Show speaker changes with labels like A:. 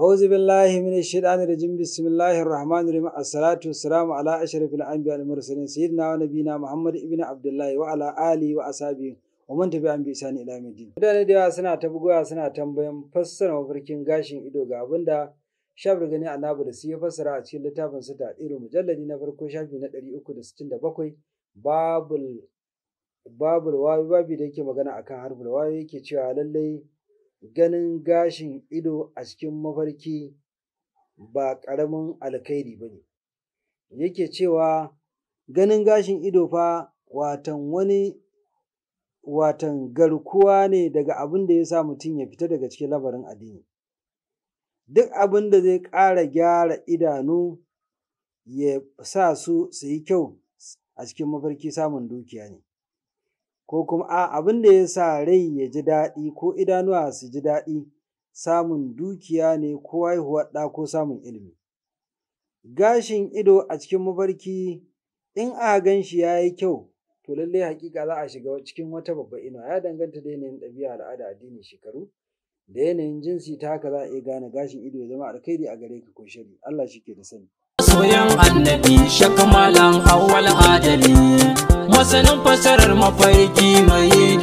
A: أعوذ بالله من الشيطان الرجيم بسم الله الرحمن الرحيم الصلاة والسلام على أشرف الأنبياء والمرسلين سيدنا ونبينا محمد ابن عبد الله وعلى آله وأصحابه ومن تبعهم بإحسان إلى يوم الدين. Mutane da yawa suna ta bugowa suna tambayan fassara mafarkin gashin ido ga abinda da Shabir Gani da su ya fassara a cikin littafin su ta irin mujalladi na farko shafi na 367 babul babul wawi babi da yake magana akan harbul wawi yake cewa lallai ganin gashin ido a cikin mafarki ba ƙaramin alkhairi ba ne. Yake cewa ganin gashin ido fa watan wani watan garkuwa ne daga abin da ya sa mutum ya fita daga cikin labarin addini. Duk abin da zai ƙara gyara idanu ya sa su su yi kyau a cikin mafarki samun dukiya ne. ko kuma a abin da ya sa rai ya ji daɗi ko idanuwa su ji daɗi samun dukiya ne ko haihuwar ɗa ko samun ilimi. Gashin ido a cikin mafarki in a gan shi ya yi kyau to lallai hakika za a shiga cikin wata babbar ino ya danganta da yanayin ɗabi'a al'ada addini shekaru da yanayin jinsi ta haka za a iya gane gashin ido ya zama alkhairi a gare ka ko shari Allah shi ke da sani.
B: Soyan annabi shakamalan awwal adali masanin fasarar mafarki mai